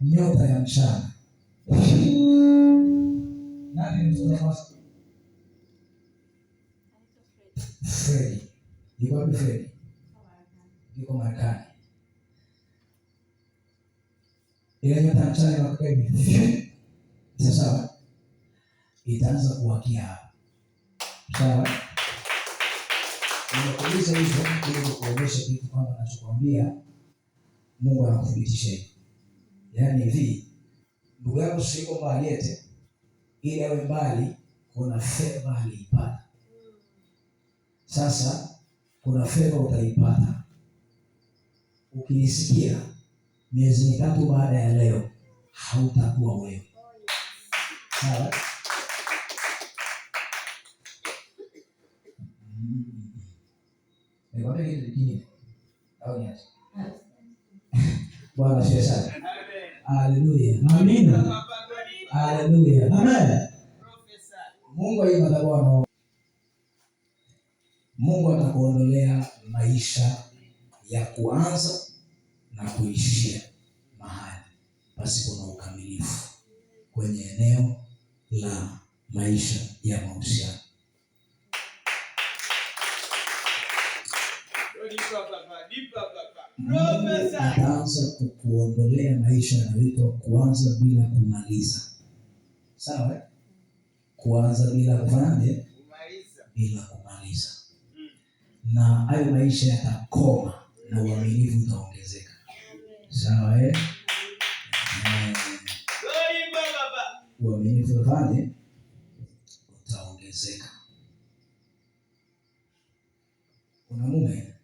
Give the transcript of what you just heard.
nyota ya mchana. Nani mtoto wako? Fredi. Yuko wapi Fredi? Yuko Marekani. Ile nyota ya mchana ya kweli. Sawa. Itaanza kuwakia hapa. Sawa. Nimekuuliza hivyo ili kuonyesha kitu kwamba nachokwambia Mungu anakuthibitisha hivyo yaani vi ndugu yako siko kwamba ili awe mbali, kuna feva aliipata. Sasa kuna feva utaipata ukinisikia, miezi mitatu baada ya leo, hautakuwa wewe sawa. Bwana sio sana Haleluya. Amina. Haleluya. Amen. Mungu aibada Bwana. Mungu atakuondolea maisha ya kuanza na kuishia mahali pasipo na ukamilifu kwenye eneo la maisha ya mahusiano ataanza kukuondolea maisha yanayoitwa kuanza bila kumaliza. Sawa, kuanza bila kufanyaje? Bila kumaliza, na hayo maisha yatakoma na uaminifu utaongezeka. Sawa, eh? uaminifu afanye utaongezeka. mume